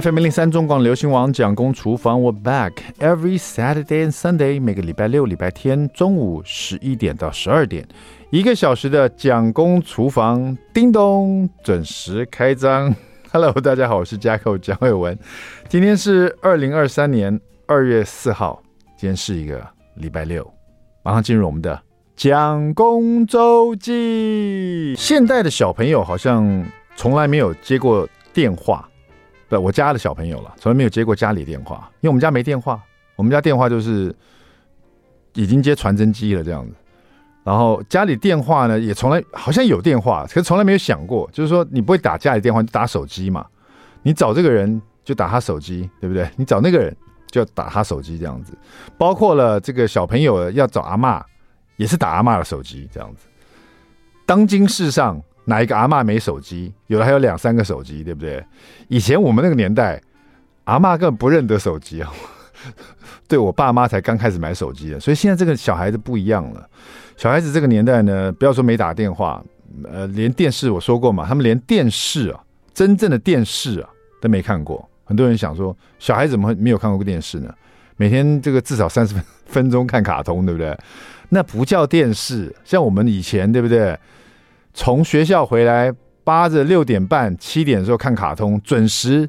FM 零零三中廣流行網蔣公廚房，we're back every Saturday and Sunday，每個禮拜六、禮拜天中午十一點到十二點，一個小時的蔣公廚房，叮咚準時開張。Hello，大家好，我是 Jack 蔣偉文，今天是二零二三年二月四號，今天是一個禮拜六，馬上進入我們的蔣公週記。現代的小朋友好像從來沒有接過電話。我家的小朋友了，從來沒有接過家裡電話，因為我們家沒電話，我們家電話就是已經接傳真機了這樣子。然後家裡電話呢，也從來好像有電話，可是從來沒有想過，就是說你不會打家裡電話，就打手機嘛。你找這個人就打他手機，對不對？你找那個人就打他手機這樣子。包括了這個小朋友要找阿嬤，也是打阿嬤的手機這樣子。當今世上。哪一個阿媽沒手機？有的還有兩三個手機，對不對？以前我們那個年代，阿媽根本不認得手機啊、哦。 對，我爸媽才剛開始買手機的，所以現在這個小孩子不一樣了。小孩子這個年代呢，不要說沒打電話，呃，連電視，我說過嘛，他們連電視啊，真正的電視啊，都沒看過。很多人想說，小孩子怎麼會沒有看過過電視呢？每天這個至少三十分鐘看卡通，對不對？那不叫電視。像我們以前，對不對？從學校回來，八點六點半、七點的時候看卡通，準時，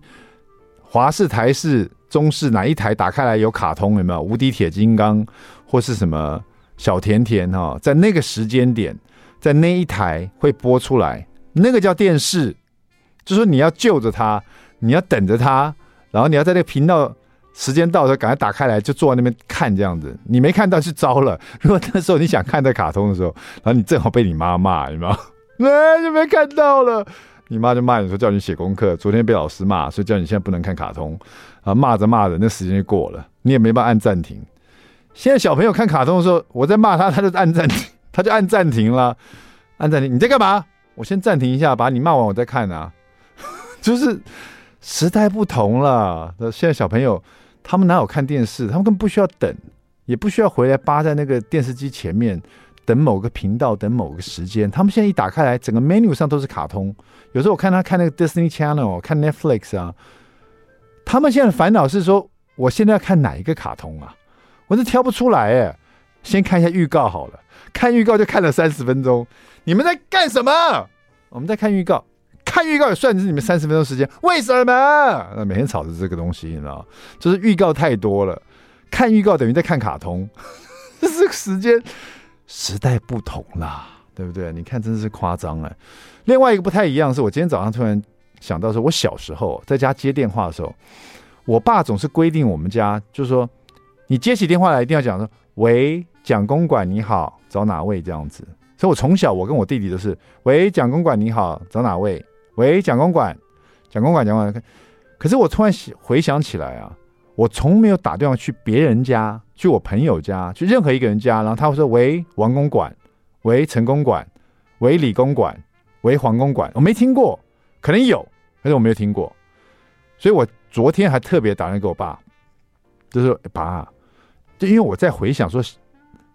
華視、台視、中視哪一台打開來有卡通有沒有？無敵鐵金剛或是什麼小甜甜哈，在那個時間點，在那一台會播出來，那個叫電視，就是說你要救着他，你要等着他，然後你要在那個頻道，時間到的時候趕快打開來，就坐在那邊看這樣子，你沒看到就糟了。如果那時候你想看這卡通的時候，然後你正好被你媽罵，有沒有？哎，就沒看到了。你媽就罵你說，叫你寫功課，昨天被老師罵，所以叫你現在不能看卡通。啊，罵着罵着，那時間就過了，你也沒辦法按暫停。現在小朋友看卡通的時候，我在罵他，他就按暫停，他就按暫停了，按暫停。你在幹嘛？我先暫停一下，把你罵完，我再看啊。就是時代不同了，現在小朋友他們哪有看電視？他們根本不需要等，也不需要回來扒在那個電視機前面，等某個頻道，等某個時間。他們現在一打開來，整個 menu 上都是卡通。有時候我看他看那個 Disney Channel，我看 Netflix 啊。他們現在的煩惱是說，我現在要看哪一個卡通啊？我是挑不出來哎。先看一下預告好了，看預告就看了三十分鐘。你們在幹什麼？我們在看預告，看預告也算是你們三十分鐘時間。為什麼？那每天吵着這個東西，你知道，就是預告太多了。看預告等於在看卡通，這 個時間。時代不同啦，對不對？你看，真是誇張啊。另外一個不太一樣是，是我今天早上突然想到說，說我小時候在家接電話的時候，我爸總是規定我們家，就是說你接起電話來一定要講說“喂，蔣公館你好，找哪位”這樣子。所以我從小，我跟我弟弟都是“喂，蔣公館你好，找哪位”“喂，蔣公館，蔣公館，蔣公館”蔣公館。可是我突然回想起來啊。我從沒有打電話去別人家，去我朋友家，去任何一個人家，然後他會說：“喂，王公館，喂，陳公館，喂，李公館，喂，黃公館。”我沒聽過，可能有，但是我沒有聽過。所以我昨天還特別打電話給我爸，就說：“欸，爸啊，就因為我在回想說，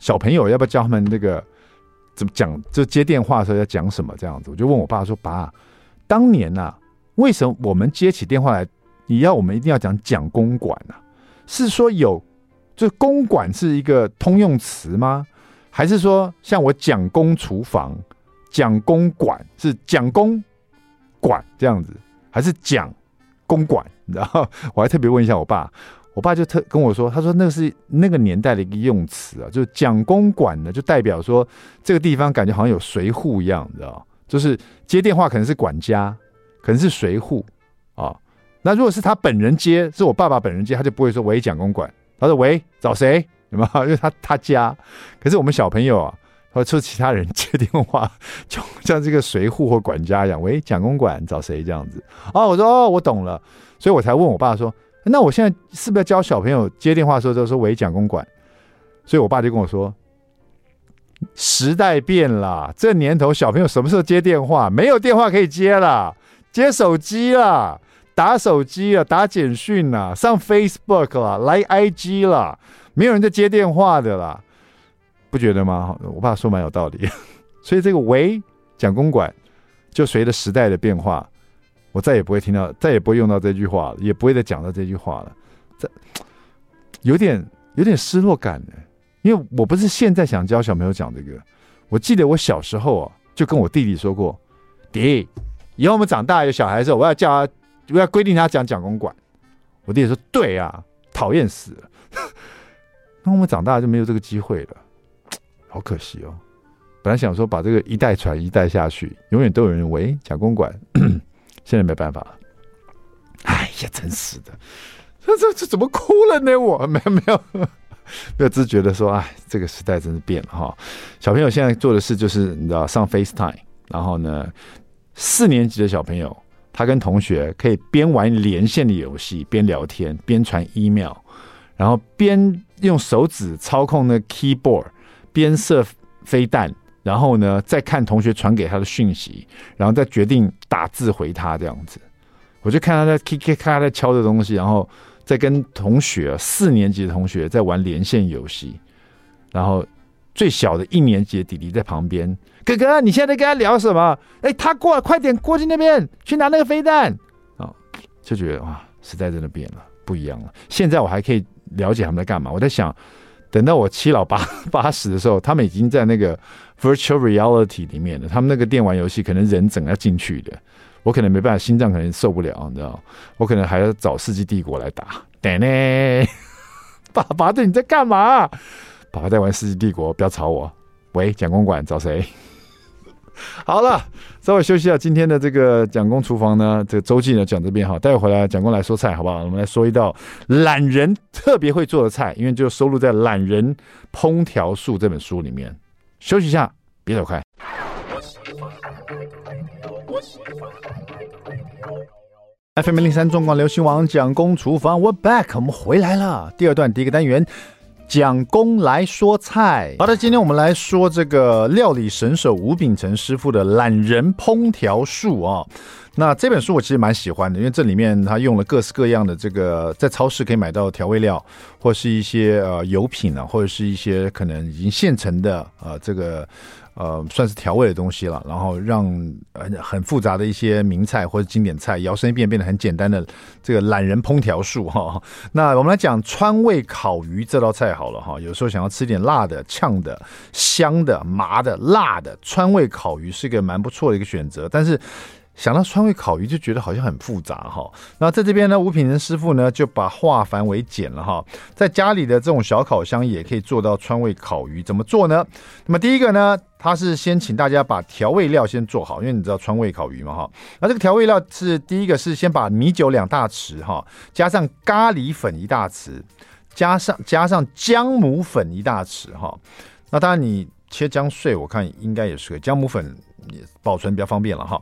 小朋友要不要教他們那個怎麼講，就接電話的時候要講什麼這樣子。”我就問我爸說：“爸啊，當年呢、啊，為什麼我們接起電話來？”你要我們一定要講蔣公館啊？是說有，就公館是一個通用詞嗎？還是說像我蔣公廚房、蔣公館是蔣公館這樣子？還是蔣公館？然後我還特別問一下我爸，我爸就特跟我說，他說那個是那個年代的一個用詞啊，就是蔣公館呢，就代表說這個地方感覺好像有隨扈一樣，你知道？就是接電話可能是管家，可能是隨扈啊。哦那如果是他本人接，是我爸爸本人接，他就不會說“喂，蔣公館”。他說：“喂，找誰？”因為他他家。可是我們小朋友啊，他會出其他人接電話，就像這個隨扈或管家一樣，“喂，蔣公館，找誰？”這樣子。哦，我說哦，我懂了，所以我才問我爸說，欸：“那我現在是不是要教小朋友接電話的時候就說‘喂，蔣公館’？”所以我爸就跟我說：“時代變了，這年頭小朋友什麼時候接電話？沒有電話可以接了，接手機了。”打手機啊，打簡訊啊，上 Facebook 啦、啊，來 IG 啦、啊，沒有人在接電話的啦，不覺得嗎？我爸說蠻有道理， 所以這個“喂”蔣公館，就隨着時代的變化，我再也不會聽到，再也不會用到這句話了，也不會再講到這句話了，這有點有點失落感的、欸，因為我不是現在想教小朋友講這個，我記得我小時候啊，就跟我弟弟說過，弟，以後我們長大有小孩子，我要叫他。我要規定他講蔣公館，我弟弟說：“對啊，討厭死了。 ”那我們長大就沒有這個機會了，好可惜哦。本來想說把這個一代傳一代下去，永遠都有人喂蔣公館咳咳。現在沒辦法了。哎呀，真是的！這這這怎麼哭了呢？我沒有沒有沒有，自覺的說，哎，這個時代真是變了哈、哦。小朋友現在做的事就是，你知道，上 FaceTime，然後呢，四年級的小朋友。他跟同學可以邊玩連線的遊戲，邊聊天，邊傳 email，然後邊用手指操控那 keyboard，邊射飛彈，然後呢再看同學傳給他的訊息，然後再決定打字回他這樣子。我就看他在咔咔咔在敲的東西，然後再跟同學四年級的同學在玩連線遊戲，然後。最小的一年級的弟弟在旁邊，哥哥，你現在在跟他聊什麼？哎、欸，他過來，快點過去那邊，去拿那個飛彈。哦，就覺得哇，時代真的變了，不一樣了。現在我還可以了解他們在干嘛。我在想，等到我七老八八十的時候，他們已經在那個 virtual reality 裡面了。他們那個電玩遊戲可能人整個進去的，我可能沒辦法，心臟可能受不了，你知道？我可能還要找《世紀帝國》來打。d a n 爸爸，對，你在幹嘛？還在玩《世紀帝國》，不要吵我。喂，蔣公館找誰？好了，稍微休息一下。今天的這個蔣公廚房呢，這個周記呢講這邊哈。待會回來，蔣公來說菜，好不好？我們來說一道懶人特別會做的菜，因為就收錄在《懶人烹調術》這本書裡面。休息一下，別走開。FM 零三中廣流行網蔣公廚房 We're back，我們回來了。第二段第一個單元。蔣公來說菜，好的，今天我們來說這個料理神手吳秉承師傅的《懶人烹調術》啊。那這本書我其實蠻喜歡的，因為這裡面他用了各式各樣的這個在超市可以買到調味料，或是一些呃油品啊，或者是一些可能已經現成的呃這個。呃，算是調味的東西了，然後讓很複雜的一些名菜或者經典菜搖身一變，變得很簡單的這個懶人烹調術哈。那我們來講川味烤魚這道菜好了哈。有時候想要吃點辣的、嗆的、香的、麻的、辣的，川味烤魚是一個蠻不錯的一個選擇，但是，想到川味烤魚就覺得好像很複雜哈，那在這邊呢，吳品人師傅呢就把化繁為簡了哈，在家裡的這種小烤箱也可以做到川味烤魚，怎麼做呢？那麼第一個呢，他是先請大家把調味料先做好，因為你知道川味烤魚嘛哈，那這個調味料是第一個是先把米酒兩大匙哈，加上咖喱粉一大匙，加上加上薑母粉一大匙哈，那當然你切薑碎，我看應該也是個薑母粉，也保存比較方便了哈。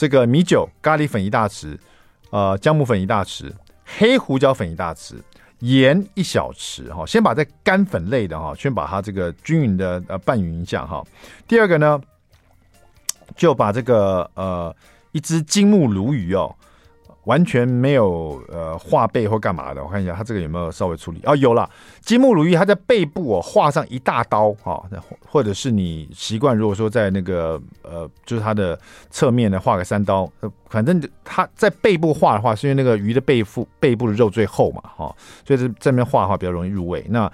這個米酒、咖喱粉一大匙，呃，薑母粉一大匙，黑胡椒粉一大匙，鹽一小匙，哈，先把這乾粉類的哈，先把它這個均勻的呃拌勻一下，哈。第二個呢，就把這個呃一隻金目鱸魚哦。完全沒有呃畫背或幹嘛的，我看一下它這個有沒有稍微處理啊、哦？有了，金目鱸魚，它在背部哦畫上一大刀啊、哦，或者是你習慣如果說在那個呃就是它的側面呢畫個三刀，呃、反正它在背部畫的話，是因為那個魚的背腹背部的肉最厚嘛哈、哦，所以這這邊畫的話比較容易入味。那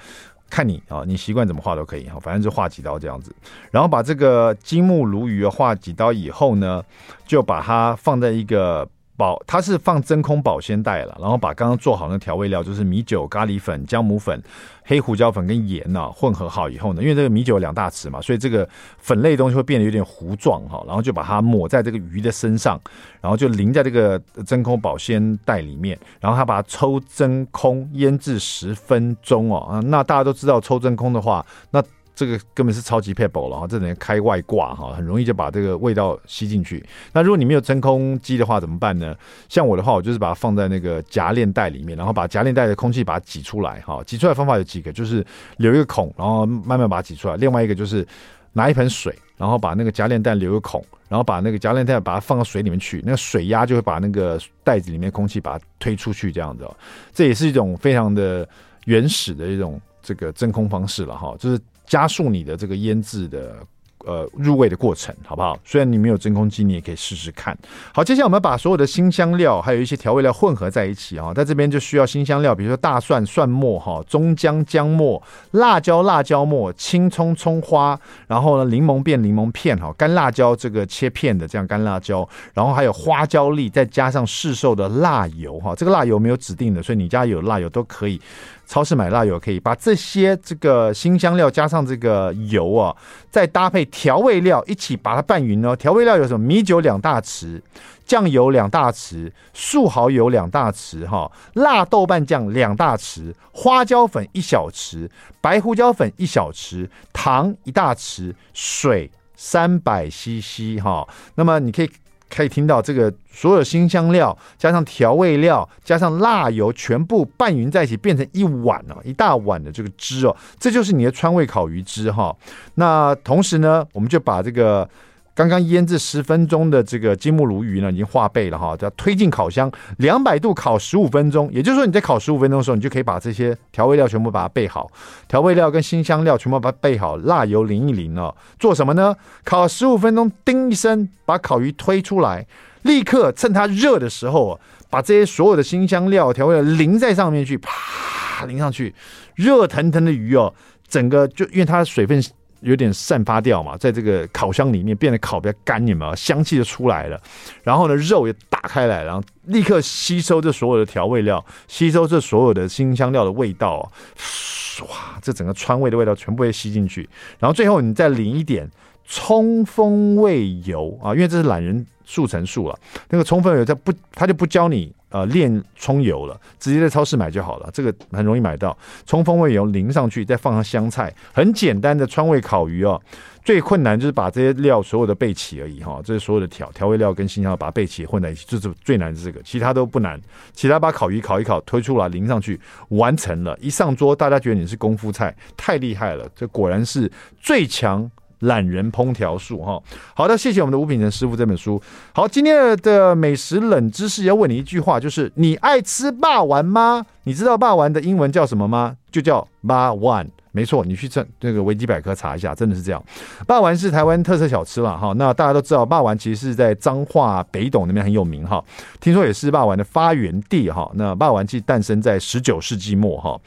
看你啊、哦，你習慣怎麼畫都可以哈、哦，反正就畫幾刀這樣子，然後把這個金目鱸魚畫、哦、幾刀以後呢，就把它放在一個。保，它是放真空保鮮袋了，然後把剛剛做好那調味料，就是米酒、咖喱粉、薑母粉、黑胡椒粉跟鹽吶、哦、混合好以後呢，因為這個米酒有兩大匙嘛，所以這個粉類的東西會變得有點糊狀哈，然後就把它抹在這個魚的身上，然後就淋在這個真空保鮮袋裡面，然後它把它抽真空醃制十分鐘哦，那大家都知道抽真空的話，那這個根本是超級佩薄了哈，這等於開外掛哈，很容易就把這個味道吸進去。那如果你沒有真空機的話怎麼辦呢？像我的話，我就是把它放在那個夾鏈袋裡面，然後把夾鏈袋的空氣把它擠出來哈。擠出來的方法有幾個，就是留一個孔，然後慢慢把它擠出來。另外一個就是拿一盆水，然後把那個夾鏈袋留個孔，然後把那個夾鏈袋把它放到水裡面去，那個水壓就會把那個袋子裡面的空氣把它推出去，這樣子。這也是一種非常的原始的一種這個真空方式了哈，就是。加速你的這個醃製的，呃，入味的過程，好不好？雖然你沒有真空機，你也可以試試看。好，接下來我們把所有的辛香料，還有一些調味料混合在一起啊、哦，在這邊就需要辛香料，比如說大蒜蒜末哈，中薑、薑薑末，辣椒辣椒末，青蔥蔥花，然後呢，檸檬片檸檬片哈、哦，乾辣椒這個切片的這樣乾辣椒，然後還有花椒粒，再加上市售的辣油哈、哦，這個辣油沒有指定的，所以你家有辣油都可以。超市買辣油可以，把這些這個辛香料加上這個油啊，再搭配調味料一起把它拌勻哦。調味料有什麼？米酒兩大匙，醬油兩大匙，素蠔油兩大匙、哦，哈，辣豆瓣醬兩大匙，花椒粉一小匙，白胡椒粉一小匙，糖一大匙，水三百 CC 哈、哦。那麼你可以。可以聽到這個所有辛香料，加上調味料，加上辣油，全部拌勻在一起，變成一碗哦，一大碗的這個汁哦，這就是你的川味烤魚汁哈、哦。那同時呢，我們就把這個。剛剛醃製十分鐘的這個金目鱸魚呢，已經化備了哈、哦，就要推進烤箱，兩百度烤十五分鐘。也就是說，你在烤十五分鐘的時候，你就可以把這些調味料全部把它備好，調味料跟辛香料全部把它備好，辣油淋一淋哦。做什麼呢？烤十五分鐘，叮一聲，把烤魚推出來，立刻趁它熱的時候，把這些所有的辛香料調味料淋在上面去，啪淋上去，熱騰騰的魚哦，整個就因為它的水分。有點散發掉嘛，在這個烤箱裡面變得烤比較乾你們啊，香氣就出來了。然後呢，肉也打開來，然後立刻吸收這所有的調味料，吸收這所有的辛香料的味道，唰，這整個川味的味道全部被吸進去。然後最後你再淋一點蔥風味油啊，因為這是懶人速成術啊，那個蔥風味油他不，他就不教你。呃，煉蔥油了，直接在超市買就好了，這個很容易買到。蔥風味油淋上去，再放上香菜，很簡單的川味烤魚哦。最困難就是把這些料所有的備齊而已哈、哦，這是所有的調調味料跟辛香料把它備齊混在一起，就是最難是這個，其他都不難。其他把烤魚烤一烤，推出來淋上去，完成了一上桌，大家覺得你是功夫菜，太厲害了。這果然是最強。懶人烹調術哈，好的，謝謝我們的吳品成師傅這本書。好，今天的美食冷知識要問你一句話，就是你愛吃霸丸嗎？你知道霸丸的英文叫什麼嗎？就叫 ba one，沒錯，你去這那個維基百科查一下，真的是這樣。霸丸是台灣特色小吃了哈，那大家都知道霸丸其實是在彰化北斗那邊很有名哈，聽說也是霸丸的發源地哈。那霸丸其實誕生在十九世紀末哈。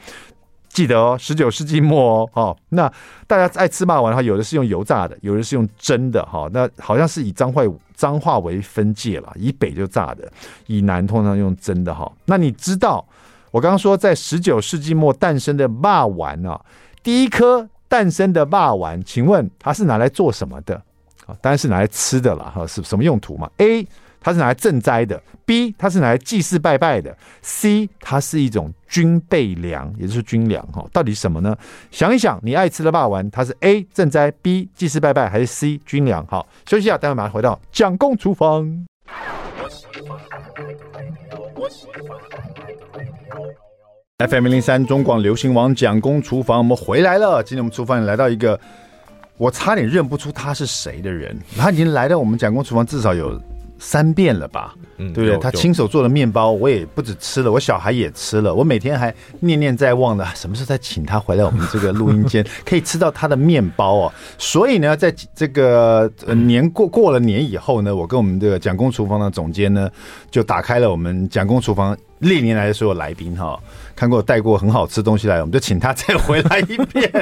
記得哦，十九世紀末哦，那大家愛吃肉圓的話，有的是用油炸的，有的是用蒸的，哈，那好像是以彰化彰化為分界了，以北就炸的，以南通常用蒸的，哈。那你知道我剛剛說在十九世紀末誕生的肉圓啊，第一顆誕生的肉圓，請問它是拿來做什麼的？啊，當然是拿來吃的了，哈，是什麼用途嘛？A 他是拿來賑災的，B 他是拿來祭祀拜拜的，C 它是一種軍備糧，也就是軍糧哈。到底什麼呢？想一想，你愛吃的肉圓，它是 A 賑災，B 祭祀拜拜，還是 C 軍糧？好，休息一下，待會馬上回到蔣公廚房。FM 一零三中廣流行網蔣公廚房，我們回來了。今天我們廚房來到一個我差點認不出他是誰的人，他已經來到我們蔣公廚房至少有。三遍了吧、嗯，對不對？有他親手做的麵包，我也不止吃了，我小孩也吃了，我每天還念念在望的，什麼時候再請他回來我們這個錄音間， 可以吃到他的麵包哦。所以呢，在這個、呃、年過過了年以後呢，我跟我們這個蔣公廚房的總監呢，就打開了我們蔣公廚房歷年來的所有來賓哈、哦。看過帶過很好吃東西來，我們就請他再回來一遍。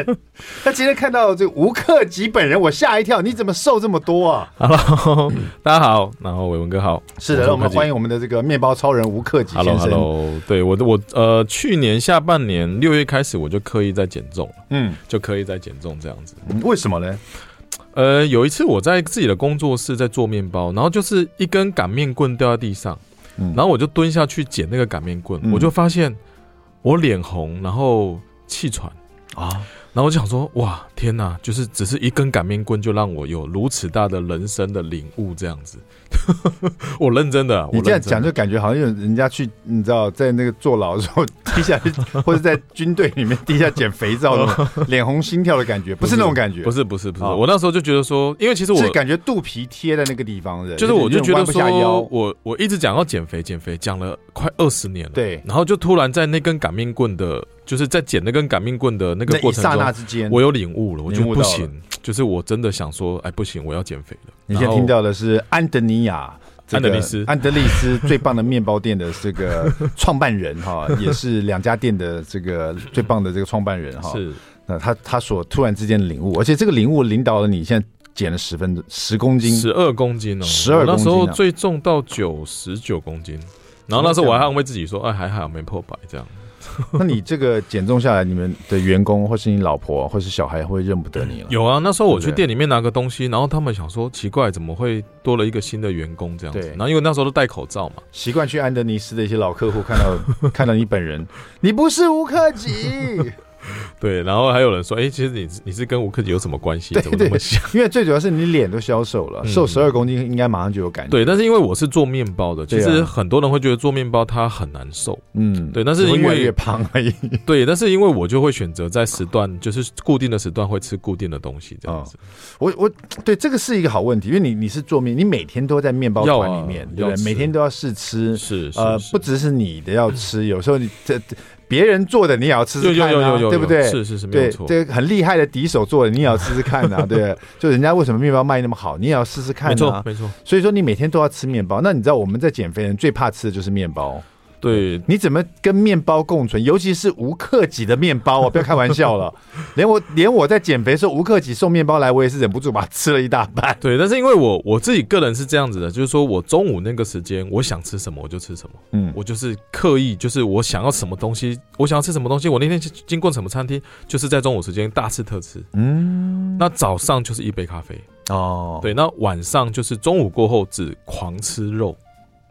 他 今天看到這吳克己本人，我嚇一跳，你怎麼瘦這麼多啊？Hello，大家好，嗯、然後偉文哥好，是的，我們歡迎我們的這個麵包超人吳克己先生。Hello，Hello，hello, 對我我呃，去年下半年六月開始，我就刻意在減重嗯，就刻意在減重這樣子、嗯。為什麼呢？呃，有一次我在自己的工作室在做面包，然後就是一根擀麵棍掉在地上，嗯、然後我就蹲下去撿那個擀麵棍，嗯、我就發現。我臉紅，然後氣喘。啊，然後我就想說，哇，天哪，就是只是一根擀麵棍，就讓我有如此大的人生的領悟，這樣子 我、啊。我認真的，你這樣講就感覺好像有人家去，你知道，在那個坐牢的時候，地下，或者在軍隊裡面地下撿肥皂的，臉 紅心跳的感覺，不是那種感覺，不是，不是，不是。好我那時候就覺得說，因為其實我，是感覺肚皮貼在那個地方的，就是，就是我就覺得說，我我一直講要減肥，減肥，講了快二十年了，對，然後就突然在那根擀麵棍的。就是在撿那根擀麵棍的那個過程剎那之間，我有領悟了，我就不行，就是我真的想說，哎，不行，我要減肥了。你現在聽到的是安德尼亞，安德里斯，安德里斯，斯最棒的麵包店的這個創辦人哈，也是兩家店的這個最棒的這個創辦人哈。是，那他他所突然之間的領悟，而且這個領悟領導了你現在減了十分十公斤、十二公斤、十二公斤、哦，啊、那時候最重到九十九公斤，然後那時候我還安慰自己說，哎，還好沒破百這樣。 那你這個減重下來，你們的員工或是你老婆或是小孩會認不得你了？有啊，那時候我去店裡面拿個東西，對然後他們想說奇怪，怎麼會多了一個新的員工這樣子？對然後因為那時候都戴口罩嘛，習慣去安德尼斯的一些老客戶看到 看到你本人， 你不是吳克己。 對，然後還有人說，哎，其實你你是跟吳克己有什麼關係？怎麼想？因為最主要是你臉都消瘦了，瘦十二公斤應該馬上就有感覺。對，但是因為我是做麵包的，其實很多人會覺得做麵包它很難瘦。嗯，對，但是因為越胖而已。對，但是因為我就會選擇在時段，就是固定的時段會吃固定的東西這樣子。我我對這個是一個好問題，因為你你是做麵，你每天都在麵包館裡面，對，每天都要試吃，是呃，不只是你的要吃，有時候你這。別人做的你也要吃吃看啊，對不對？是是是，沒錯。對，這個很厲害的敵手做的你也要吃吃看啊 對。就人家為什麼麵包賣那麼好，你也要試試看啊，沒錯，沒錯。所以說你每天都要吃麵包。那你知道我們在減肥人最怕吃的就是麵包。對，你怎麼跟麵包共存？尤其是吳克己的麵包我、哦、不要開玩笑了， 連我連我在減肥的時候吳克己送麵包來，我也是忍不住把它吃了一大半。對，但是因為我我自己個人是這樣子的，就是說我中午那個時間，我想吃什麼我就吃什麼，嗯，我就是刻意就是我想要什麼東西，我想要吃什麼東西，我那天經過什麼餐廳，就是在中午時間大吃特吃，嗯，那早上就是一杯咖啡哦，對，那晚上就是中午過後只狂吃肉。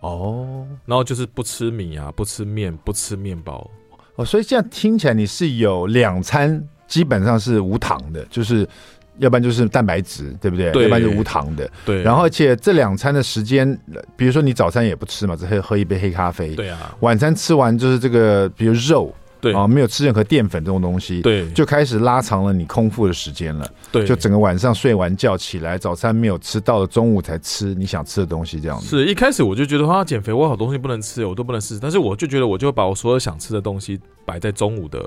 哦，oh, 然後就是不吃米啊，不吃麵，不吃麵包，哦，所以這樣聽起來你是有兩餐基本上是無糖的，就是要不然就是蛋白質，對不對？對，要不然就無糖的，對。然後而且這兩餐的時間，比如說你早餐也不吃嘛，只喝一杯黑咖啡。對啊，晚餐吃完就是這個，比如肉。啊，哦、沒有吃任何澱粉這種東西，對，就開始拉長了你空腹的時間了。對，就整個晚上睡完覺起來，早餐沒有吃，到了中午才吃你想吃的東西，這樣子是。是一開始我就覺得，啊，減肥，我好東西不能吃，我都不能吃。但是我就覺得，我就把我所有想吃的東西擺在中午的。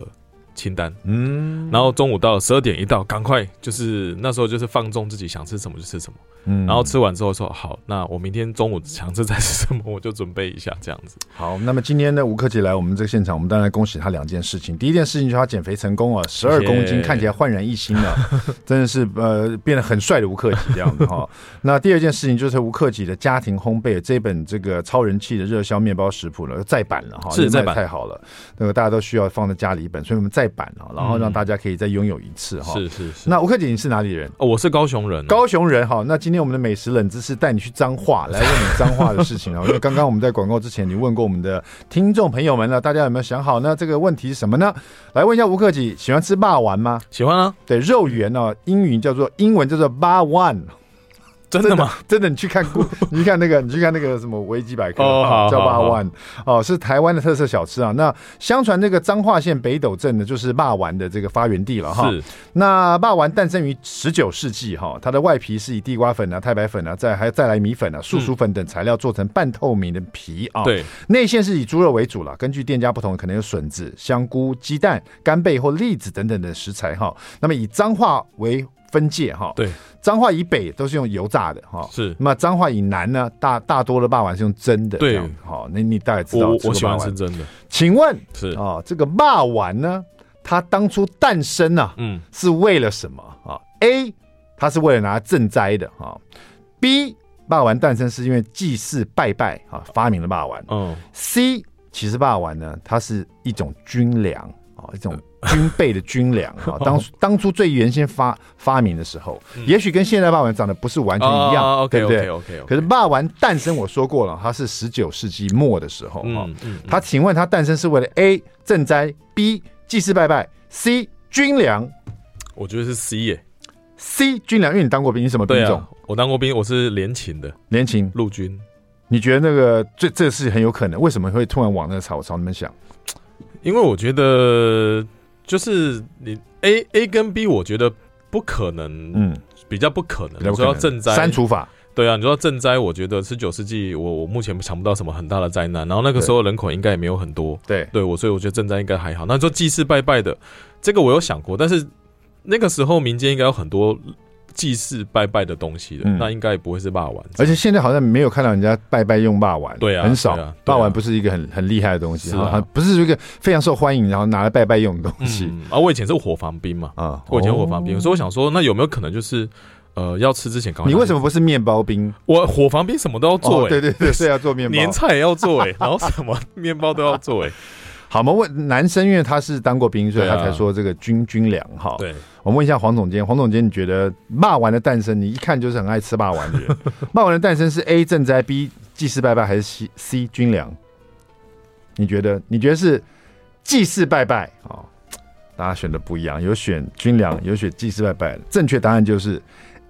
清單，嗯，然後中午到十二點一到，趕快就是那時候就是放縱自己，想吃什麼就吃什麼，嗯，然後吃完之後說好，那我明天中午想吃再吃什麼我就準備一下這樣子。好，那麼今天呢，吳克己來我們這個現場，我們當然恭喜他兩件事情。第一件事情就是他減肥成功啊，十二公斤看起來煥然一新了啊，真的是呃變得很帥的吳克己這樣子哈。那第二件事情就是吳克己的家庭烘焙這一本這個超人氣的熱銷麵包食譜呢再版了哈，是再版太好了，那個大家都需要放在家裡一本，所以我們再。版了，然後讓大家可以再擁有一次哈、嗯。是是是。那吳克己，你是哪裡人、哦？我是高雄人。高雄人哈。那今天我們的美食冷知識帶你去彰化來問你彰化的事情啊。 因為剛剛我們在廣告之前，你問過我們的聽眾朋友們了，大家有沒有想好呢？這個問題是什麼呢？來問一下吳克己，喜歡吃霸丸嗎？喜歡啊。對，肉圓哦，英語叫做英文叫做八丸。真的嗎？真的，真的你去看，你去看那個， 你去看那個什麼維基百科，叫肉圓哦，是台灣的特色小吃啊。那相傳那個彰化縣北斗鎮的，就是肉圓的這個發源地了哈。是。那肉圓誕生於十九世紀哈，它的外皮是以地瓜粉啊、太白粉啊、再還再來米粉啊、樹薯粉等材料做成半透明的皮啊。對、嗯。內餡是以豬肉為主了，根據店家不同，可能有筍子、香菇、雞蛋、干貝或栗子等等的食材哈。那麼以彰化為分界哈，對，彰化以北都是用油炸的哈，是。那麼彰化以南呢，大大多的肉圓是用蒸的，對，好、喔。那你大概知道是我，我喜歡吃蒸的。請問是啊、喔，這個肉圓呢，它當初誕生啊，嗯，是為了什麼啊、嗯、？A，它是為了拿賑災的啊、喔。B，肉圓誕生是因為祭祀拜拜啊、喔，發明了肉圓。嗯。C，其實肉圓呢，它是一種軍糧啊、喔，一種。軍備的軍糧啊、哦，當當初最原先發發明的時候，嗯、也許跟現在肉圓長得不是完全一樣，對不對？OK，OK，OK。Okay, okay, okay, 可是肉圓誕生，我說過了，他是十九世紀末的時候啊、哦。他、嗯，嗯嗯、請問他誕生是為了 A 賑災，B 祭祀拜拜，C 軍糧。我覺得是 C 耶、欸。C 軍糧，因為你當過兵，你什麼兵種？啊、我當過兵，我是連勤的，連勤陸軍。你覺得那個這這事很有可能？為什麼會突然往那個朝朝那邊想？因為我覺得。就是你 A A 跟 B，我覺得不可能，嗯，比較不可能。比較不可能，你說要賑災，刪除法，對啊，你說要賑災，我覺得十九世紀，我我目前想不到什麼很大的災難。然後那個時候人口應該也沒有很多，對對，我所以我覺得賑災應該還好。那你說祭祀拜拜的，這個我有想過，但是那個時候民間應該有很多。祭祀拜拜的東西的，那應該也不會是霸王，而且現在好像沒有看到人家拜拜用霸王。對啊，很少。霸王不是一個很很厲害的東西，是吧？不是一個非常受歡迎，然後拿來拜拜用的東西。啊，我以前是伙房兵嘛，啊，我以前伙房兵，所以我想說，那有沒有可能就是，呃，要吃之前，你為什麼不是麵包兵？我伙房兵什麼都要做，對對對，是要做麵包。年菜也要做，哎，然後什麼麵包都要做，哎。好，我們問男生，因為他是當過兵，所以他才說這個軍、啊、軍糧哈。對，我們問一下黃總監，黃總監，你覺得罵完的誕生，你一看就是很愛吃罵完的人，罵 完的誕生是 A 賑災，B 祭祀拜拜，還是 C 軍糧？你覺得？你覺得是祭祀拜拜。大家選的不一樣，有選軍糧，有選祭祀拜拜，正確答案就是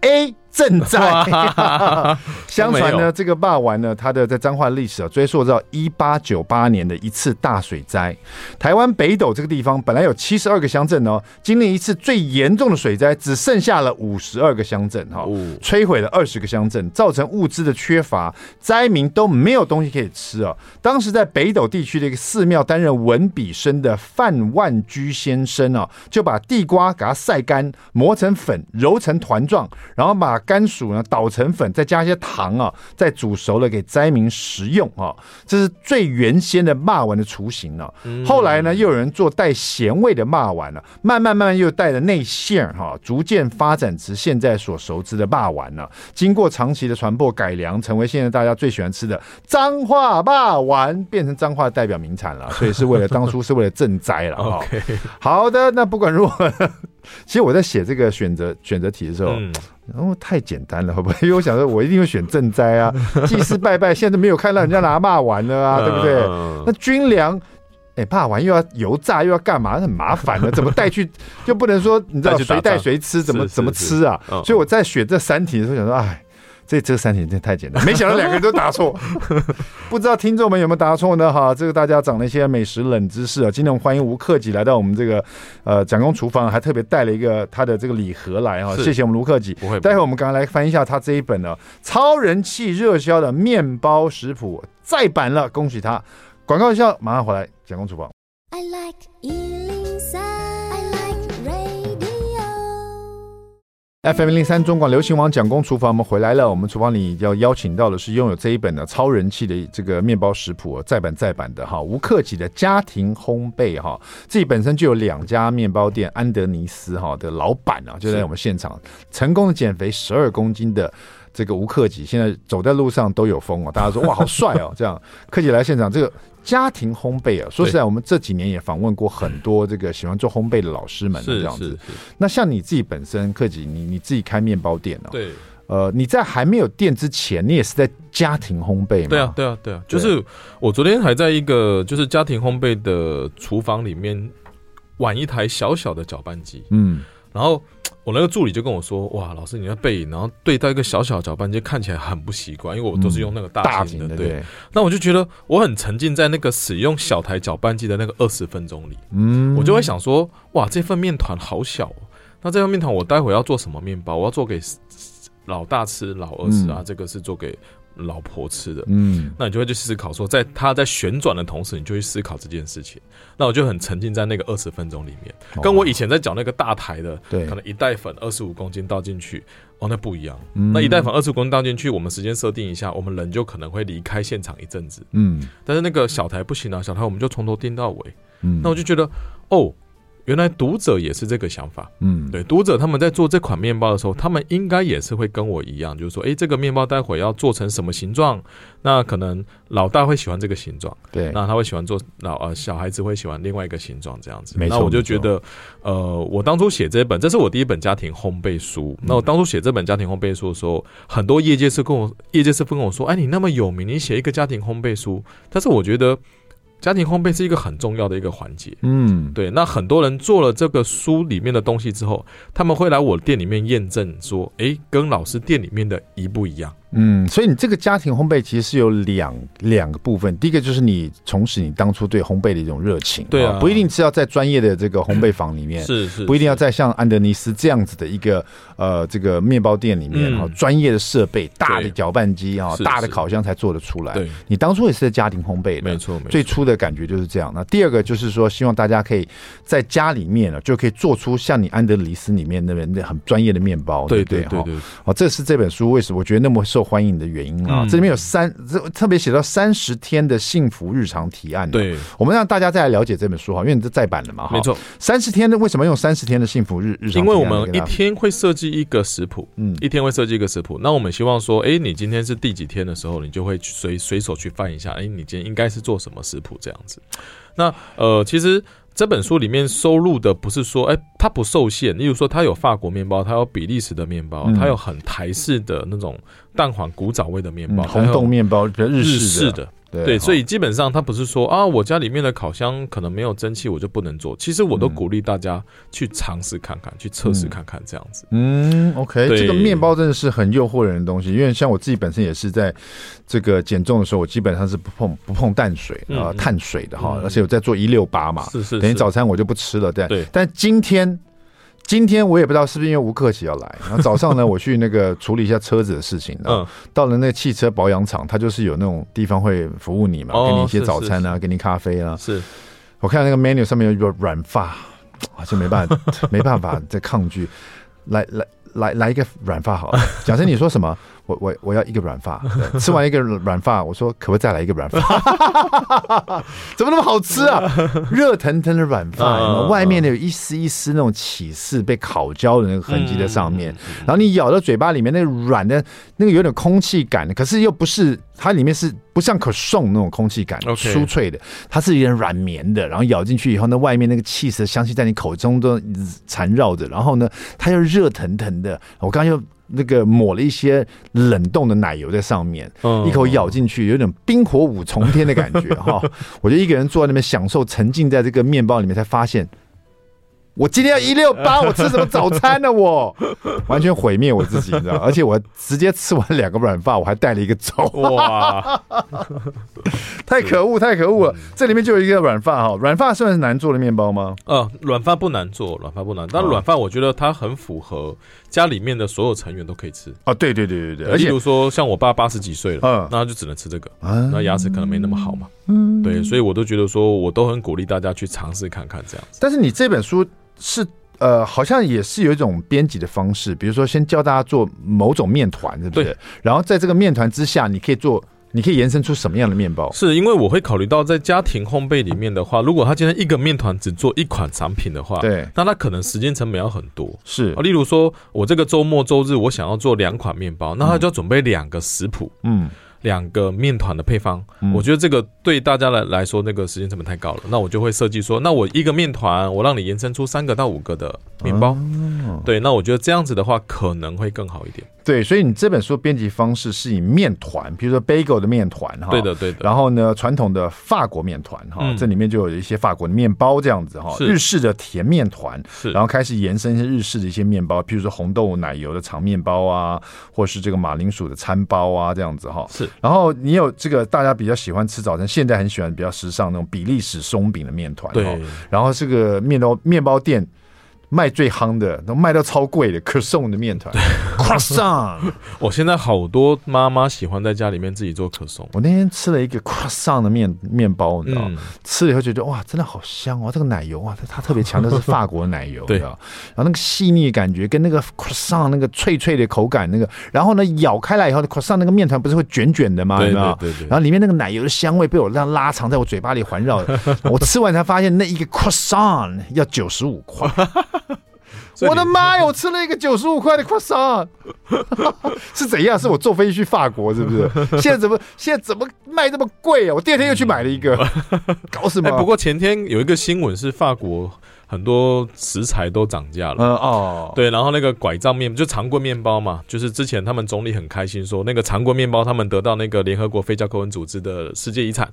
A。正在。震 相傳呢，這個霸王呢，它的在彰化的歷史啊、哦，追溯到一八九八年的一次大水災。台灣北斗這個地方本來有七十二個鄉鎮哦，經歷一次最嚴重的水災，只剩下了五十二個鄉鎮哈，摧毀了二十個鄉鎮，造成物資的缺乏，災民都沒有東西可以吃哦。當時在北斗地區的一個寺廟擔任文筆生的范萬居先生啊、哦，就把地瓜給它曬乾，磨成粉，揉成團狀，然後把甘薯呢搗成粉，再加一些糖啊，再煮熟了給災民食用啊，這是最原先的肉圓的雛形啊，後來呢，又有人做帶鹹味的肉圓了、啊，慢慢慢慢又帶着內餡哈，逐漸發展至現在所熟知的肉圓了、啊。經過長期的傳播改良，成為現在大家最喜歡吃的彰化肉圓，變成彰化代表名產了。所以是為了 當初是為了賑災了。Okay. 好的，那不管如何。 其實我在寫這個選擇選擇題的時候，然後、嗯哦、太簡單了，好不好？因為我想說，我一定會選賑災啊，祭祀 拜拜，現在都沒有看到人家拿罵完了啊，嗯、對不對？那軍糧，哎、欸，罵完又要油炸，又要幹嘛？那很麻煩的，怎麼帶去？ 就不能說你知道誰帶誰吃，怎麼是是是怎麼吃啊？嗯、所以我在選這三題的時候想說，哎。這這三點真的太簡單，沒想到兩個人都答錯， 不知道聽眾們有沒有答錯呢？哈，這個大家長了一些美食冷知識啊。今天我們歡迎吳克己來到我們這個呃蔣公廚房，還特別帶了一個他的這個禮盒來哈。是謝謝我們吳克己。不會不會，待會我們剛剛來翻一下他這一本呢，超人氣熱銷的麵包食譜再版了，恭喜他。廣告一下，馬上回來，蔣公廚房。I like you. FM 零三中廣流行網蔣公廚房，我們回來了。我們廚房裡要邀請到的是擁有這一本的超人氣的這個麵包食譜，再版再版的哈，吳克己的家庭烘焙哈、哦，自己本身就有兩家麵包店，安德尼斯哈的老闆啊，就在我們現場。成功的減肥十二公斤的這個吳克己，現在走在路上都有風哦，大家說哇，好帥哦！這樣克己來現場這個。家庭烘焙啊，喔，說實在，我們這幾年也訪問過很多這個喜歡做烘焙的老師們，這樣子。是是是，那像你自己本身，克己，你你自己開面包店了，喔，對，呃，你在還沒有店之前，你也是在家庭烘焙嘛。對啊，對啊，對啊，啊，對，就是我昨天還在一個就是家庭烘焙的廚房裡面玩一台小小的攪拌機，嗯，然後。我那個助理就跟我說：“哇，老師，你的背影，然後對待一個小小攪拌機看起來很不習慣，因為我都是用那個大型的。嗯，大型的對。對。那我就覺得我很沉浸在那個使用小台攪拌機的那個二十分鐘裡。嗯，我就會想說：哇，這份麵糰好小哦，那這份麵糰我待會要做什麼麵包？我要做給老大吃，老二吃啊？嗯，這個是做給……”老婆吃的，嗯，那你就會去思考說，在它在旋轉的同時，你就去思考這件事情。那我就很沉浸在那個二十分鐘裡面，跟我以前在講那個大台的，對、哦，可能一袋粉二十五公斤倒進去，對哦，那不一樣。嗯、那一袋粉二十五公斤倒進去，我們時間設定一下，我們人就可能會離開現場一陣子，嗯。但是那個小台不行啊，小台我們就從頭盯到尾，嗯。那我就覺得，哦。原來讀者也是這個想法，嗯，對，讀者他們在做這款面包的時候，他們應該也是會跟我一樣，就是說，誒，這個麵包待會要做成什麼形狀？那可能老大會喜歡這個形狀，對，那他會喜歡做老呃，小孩子會喜歡另外一個形狀這樣子。沒錯，那我就覺得，沒錯。呃，我當初寫這本，這是我第一本家庭烘焙書。那我當初寫這本家庭烘焙書的時候，嗯、很多業界是跟我，業界是跟我說，哎，你那麼有名，你寫一個家庭烘焙書？但是我覺得。家庭烘焙是一個很重要的一個環節，嗯，對。那很多人做了這個書裡面的東西之後他們會來我店裡面驗證，說，哎，跟老師店裡面的一不一樣？嗯，所以你這個家庭烘焙其實是有兩兩個部分，第一個就是你重拾你當初對烘焙的一種熱情，對啊、哦，不一定是要在專業的這個烘焙坊裡面，是是，是，不一定要在像安德尼斯這樣子的一個呃這個麵包店裡面啊，嗯、專業的設備、大的攪拌機啊對、哦、大的烤箱才做得出來。對，是是 你當初也是在家庭烘焙的，對沒錯，沒錯，最初的感覺就是這樣。那第二個就是說，希望大家可以在家裡面呢、哦，就可以做出像你安德尼斯裡面那邊那很專業的麵包。對對對對，啊、哦，這是這本書為什麼我覺得那麼受。受歡迎的原因啊，嗯、這裡面有三，特別寫到三十天的幸福日常提案、啊。對，我們讓大家再來了解這本書哈，因為這再版的嘛。沒錯，三十天的為什麼用三十天的幸福日日常？啊、因為我們一天會設計一個食譜，嗯，一天會設計一個食譜。嗯、那我們希望說，哎，你今天是第幾天的時候，你就會隨隨手去翻一下，哎，你今天應該是做什麼食譜這樣子。那呃，其實。這本書裡面收錄的不是說，哎，它不受限，例如說，它有法國麵包，它有比利時的麵包，它有很台式的那種蛋黃古早味的麵包，紅豆麵包，日式的。對，對，所以基本上它不是說啊，我家裡面的烤箱可能沒有蒸汽，我就不能做。其實我都鼓勵大家去嘗試看看，嗯、去測試看看、嗯、這樣子。嗯，OK，對這個麵包真的是很誘惑人的東西。因為像我自己本身也是在這個減重的時候，我基本上是不碰不碰淡水啊、呃、碳水的哈，嗯、而且我在做一六八嘛，是是、嗯，等於早餐我就不吃了。對，是是是但今天今天我也不知道是不是因為吳克己，要來，然後早上呢，我去那個處理一下車子的事情，嗯，到了那個汽車保養廠，它就是有那種地方會服務你嘛，給你一些早餐啊，給你咖啡啊，是，我看那個 menu 上面有一個軟發，啊，就沒辦法，沒辦法再抗拒，來來來來，一個軟發好了，假設你說什麼？我我要一個軟發，吃完一個軟發，我說可不可以再來一個軟發？怎麼那麼好吃啊？熱騰騰的軟發，外面的有一絲一絲那種起司被烤焦的那個痕跡在上面，然後你咬到嘴巴裡面，那軟的那個有點空氣感的，可是又不是它，裡面是不像可頌那種空氣感，酥脆的，它是有點軟綿的，然後咬進去以後，那外面那個起司的香氣在你口中都纏繞着，然後呢，它又熱騰騰的，我剛剛又。那個抹了一些冷凍的奶油在上面，嗯、一口咬進去，有點冰火五重天的感覺哈、 哦。我就一個人坐在那邊享受，沉浸在這個麵包裡面，才發現我今天要一六八，我吃什麼早餐呢？啊？我 完全毀滅我自己，你知道而且我直接吃完兩個軟法，我還帶了一個粥，哇 太可惡，太可惡，太可惡了！是這裡面就有一個軟法哈，軟法算是難做的麵包嗎？啊、呃，軟法不難做，軟法不難，但軟法我覺得它很符合。家裡面的所有成員都可以吃啊、哦！對對對對對，而且比如說像我爸八十幾歲了，嗯，那他就只能吃這個，啊、嗯，那牙齒可能沒那麼好嘛，嗯，對，所以我都覺得說，我都很鼓勵大家去嘗試看看這樣。但是你這本書是呃，好像也是有一種編輯的方式，比如說先教大家做某種麵團，對不對？然後在這個麵團之下，你可以做。你可以延伸出什麼樣的麵包？是因為我會考慮到在家庭烘焙裡面的話，如果他今天一個麵團只做一款產品的話，對，那他可能時間成本要很多。是，啊，例如說我這個週末週日我想要做兩款麵包，嗯，那他就要準備兩個食譜。嗯。兩個麵團的配方，我覺得這個對大家來來說那個時間成本太高了。那我就會設計說，那我一個麵團，我讓你延伸出三個到五個的麵包。對，那我覺得這樣子的話可能會更好一點。嗯、對，所以你這本書編輯方式是以麵團，比如說 bagel 的麵團哈，對的對的。然後呢，傳統的法國麵團哈，這裡面就有一些法國的麵包這樣子哈，日式的甜麵團，是，然後開始延伸一些日式的一些麵包，譬如說紅豆奶油的長麵包啊，或是這個馬鈴薯的餐包啊，這樣子哈是。然後你有這個大家比較喜歡吃早餐，現在很喜歡比較時尚那種比利時鬆餅的麵團，對，然後這個麵包麵包店。賣最夯的，都賣到超貴的可頌的麵團，croissant。對 cro issant 我現在好多媽媽喜歡在家裡面自己做可頌。我那天吃了一個 croissant 的面面包，你知道，嗯、吃了以後覺得哇，真的好香哦，這個奶油啊，它特別強，的是法國的奶油， 對啊然後那個細膩感覺跟那個 croissant 那個脆脆的口感，那個，然後呢咬開來以後，croissant 那個面團不是會卷卷的嗎？對對對,對,對然後裡面那個奶油的香味被我這樣拉長，在我嘴巴裡環繞。 我吃完才發現那一個 croissant 要九十五塊。 以你 我的媽呀，我吃了一個九十五塊的 croissant 是怎樣？是我坐飛機去法國，是不是？現在怎麼現在怎麼賣這麼貴啊？我第二天又去買了一個， 搞什麼、欸？不過前天有一個新聞是法國很多食材都漲價了。啊、嗯，哦、對，然後那個拐杖麵就長棍麵包嘛，就是之前他們總理很開心說那個長棍麵包他們得到那個聯合國非教科文組織的世界遺產，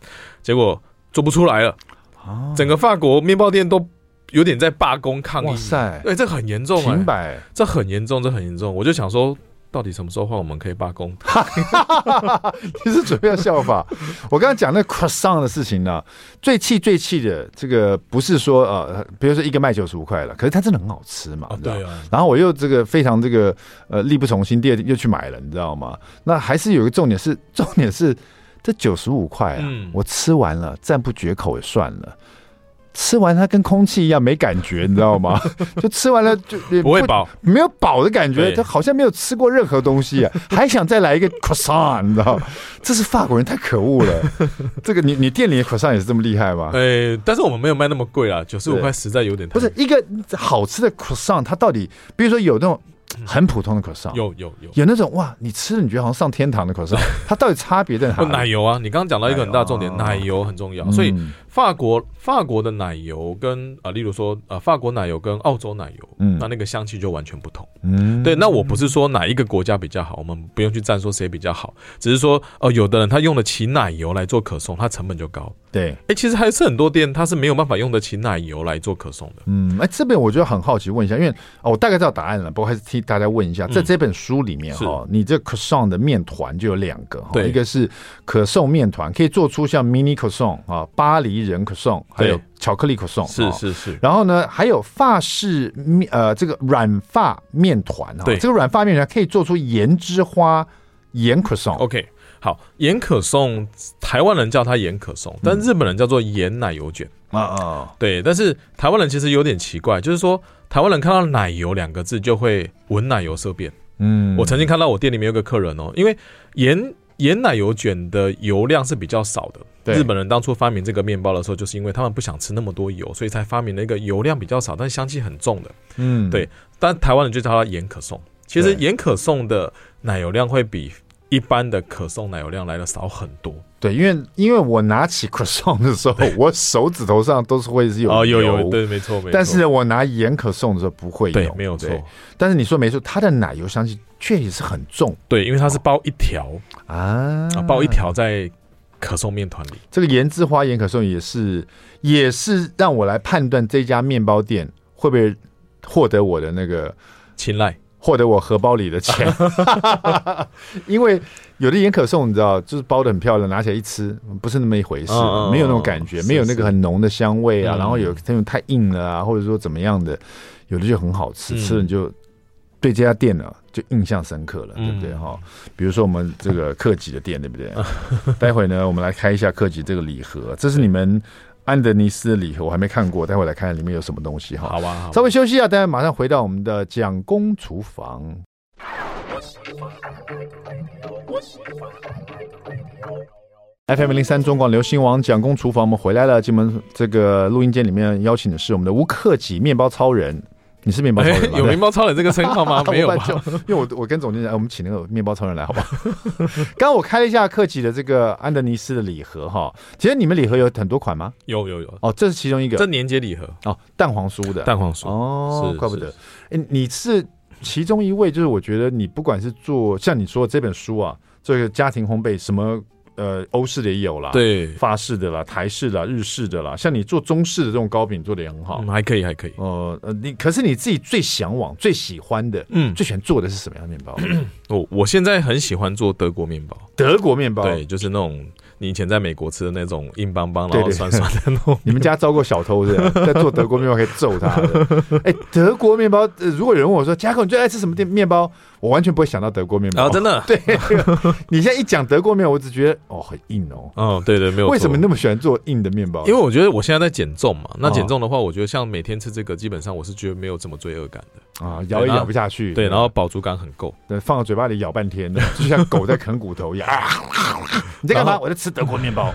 結果做不出來了，啊、整個法國麵包店都。有點在罷工抗議，哇塞，對，欸、這很嚴重啊、欸！明白、欸，這很嚴重，這很嚴重。我就想說，到底什麼時候換，我們可以罷工？你是準備要效吧。 我剛剛講那 croissant 的事情呢、啊？最氣、最氣的這個不是說呃，比如說一個賣九十五塊了，可是它真的很好吃嘛？啊對啊。然後我又這個非常這個呃力不從心，第二天又去買了，你知道嗎？那還是有一個重點是，重點是這九十五塊啊，嗯、我吃完了，讚不絕口，也算了。吃完它跟空氣一樣沒感覺，你知道嗎？就吃完了就也不，不會飽，沒有飽的感覺，對就好像沒有吃過任何東西啊，還想再來一個 croissant，你知道？這是法國人太可惡了。這個你你店裡的 croissant 也是這麼厲害嗎？哎、欸，但是我們沒有賣那麼貴啊，九十五塊實在有點。不是一個好吃的 croissant，它到底，比如說有那種。很普通的可頌，有有有，有，有，有那種哇，你吃了你覺得好像上天堂的可頌， 它到底差別在哪？奶油啊，你剛剛講到一個很大重點，奶油，奶油很重要，嗯、所以法國法國的奶油跟啊、呃，例如說啊、呃，法國奶油跟澳洲奶油，嗯，那那個香氣就完全不同，嗯，對。那我不是說哪一個國家比較好，我們不用去贊說誰比較好，只是說哦、呃，有的人他用得起奶油來做可頌，它成本就高。對，哎、欸，其實還是很多店，它是沒有辦法用得起奶油來做可頌的。嗯，哎、欸，這邊我就很好奇，問一下，因為啊、哦，我大概知道答案了，不過還是替大家問一下，嗯、在這本書裡面哈是、哦，你這可頌的麵團就有兩個，哦、對，一個是可頌麵團，可以做出像 mini 可頌，啊、哦，巴黎人可頌，an, 還有巧克力可頌對、哦。是是是。然後呢，還有法式面，呃，這個軟發麵團，哦、對，這個軟發麵團可以做出鹽之花鹽可頌、嗯。OK。好，鹽可頌，台灣人叫它鹽可頌，但日本人叫做鹽奶油卷啊啊，嗯、對。但是台灣人其實有點奇怪，就是說台灣人看到奶油兩個字就會聞奶油色變。嗯，我曾經看到我店裡面有個客人哦、喔，因為鹽鹽奶油卷的油量是比較少的。對，日本人當初發明這個麵包的時候，就是因為他們不想吃那麼多油，所以才發明了一個油量比較少但香氣很重的。嗯，對。但台灣人就叫它鹽可頌。其實鹽可頌的奶油量會比。一般的可頌奶油量來的少很多，對，因為因為我拿起可頌的時候，對，我手指頭上都是會是有啊有，哦，有有，對，沒錯沒錯。但是我拿鹽可頌的時候不會有，對，沒有錯。但是你說沒錯，它的奶油香氣確實是很重，對，因為它是包一條，哦，啊，包一條在可頌面糰裡。這個鹽之花鹽可頌也是也是讓我來判斷這家麵包店會不會獲得我的那個青睞。獲得我荷包裡的錢， 因為有的鹽可頌，你知道，就是包得很漂亮，拿起來一吃，不是那麼一回事，沒有那種感覺，沒有那個很濃的香味啊。然後有那種太硬了啊，或者說怎麼樣的，有的就很好吃，吃了你就對這家店呢、啊、就印象深刻了，對不對？哈，比如說我們這個克己的店，對不對？待會呢，我們來開一下克己這個禮盒，這是你們。安德尼斯的禮盒我還沒看過，待會來看，看裡面有什麼東西哈。好吧好，稍微休息一下，大家馬上回到我們的蔣公廚房。FM 零三，中廣流行網蔣公廚房，我們回來了。進門這個錄音間裡面邀請的是我們的吳克己麵包超人。你是麵包超人？欸，有麵包超人這個稱號嗎？ 沒有吧？因為我，我我跟總經理，哎，我們請那個麵包超人來，好不好？剛 我開了一下克己的這個安德尼斯的禮盒哈，其實你們禮盒有很多款嗎？有有有哦，這是其中一個，這年節禮盒哦，蛋黃酥的，蛋黃酥，哦，是是是怪不得。哎、欸，你是其中一位，就是我覺得你不管是做像你說的這本書啊，做一個家庭烘焙什麼。呃，歐式的也有啦，對，法式的啦，台式的啦，日式的啦，像你做中式的這種糕餅做的也很好。嗯，還可以，還可以。哦，呃，呃，你可是你自己最嚮往、最喜歡的，嗯，最喜歡做的是什麼樣的麵包？我我現在很喜歡做德國麵包，德國麵包，對，就是那種。你以前在美國吃的那種硬邦邦，然後酸酸的那種。你們家招過小偷是？在做德國麵包可以揍他？哎，德國麵包，如果有人問我說，佳哥你最愛吃什麼麵包？我完全不會想到德國麵包。啊，真的？對。你現在一講德國面，我只覺得哦，很硬哦。哦，對對，沒有。為什麼你那麼喜歡做硬的面包？因為我覺得我現在在減重嘛。那減重的話，我覺得像每天吃這個，基本上我是覺得沒有這麼罪惡感的。啊，咬也咬不下去，對，對，然後飽足感很夠，放到嘴巴裡咬半天的，就像狗在啃骨頭一樣、 啊。你在幹嘛？然後我在吃德國麵包。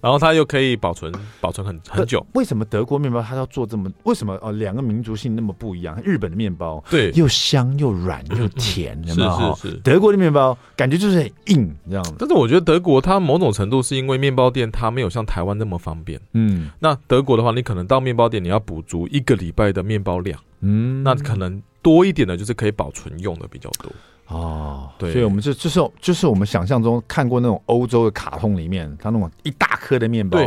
然後它又可以保存，保存很很久。為什麼德國麵包它要做這麼？為什麼哦？呃、兩個民族性那麼不一樣？日本的麵包對，又香又軟又甜， 是是是。德國的麵包感覺就是很硬這樣的。但是我覺得德國它某種程度是因為麵包店它沒有像台灣那麼方便。嗯，那德國的話，你可能到麵包店你要補足一個禮拜的麵包量。嗯，那可能多一點的就是可以保存用的比較多哦。對，所以我們就就是就是我們想象中看過那種歐洲的卡通裡面，它那種一大顆的麵包，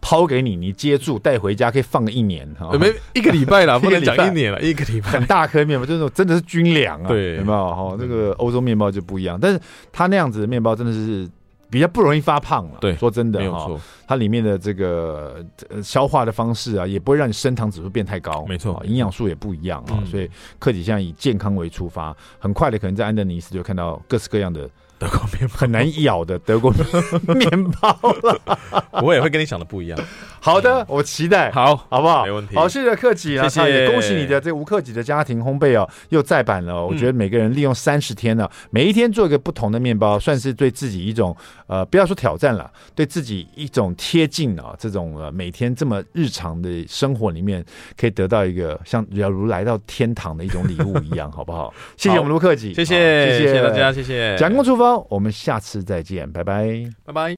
拋給你，對你接住帶回家可以放個一年，哦、對沒一個禮拜了，不能講一年了，一個禮拜， 拜，拜 很大顆麵包，就是那種真的是軍糧啊，對，有沒有，哈、哦，那、這個歐洲麵包就不一樣，但是它那樣子的麵包真的是。比較不容易發胖了，啊，對，說真的哈，沒有錯，它裡面的這個消化的方式啊，也不會讓你升糖指數變太高，沒錯，營養素也不一樣啊，沒錯 所以克己現在以健康為出發，嗯，很快的可能在安德尼斯就看到各式各樣的。德國麵包很難咬的德國麵包了，我也會跟你想的不一樣。好的，我期待，好，好不好？沒問題。好，謝謝克己啊，謝謝。恭喜你的這吳克己的家庭烘焙哦，又再版了。我覺得每個人利用三十天呢，每一天做一個不同的麵包，算是對自己一種呃，不要說挑戰了，對自己一種貼近啊，這種呃，每天這麼日常的生活裡面可以得到一個像猶如來到天堂的一種禮物一樣，好不好？謝謝我們吳克己，謝謝謝謝大家，謝謝，蔣公廚房。我們下次再見，拜拜，拜拜。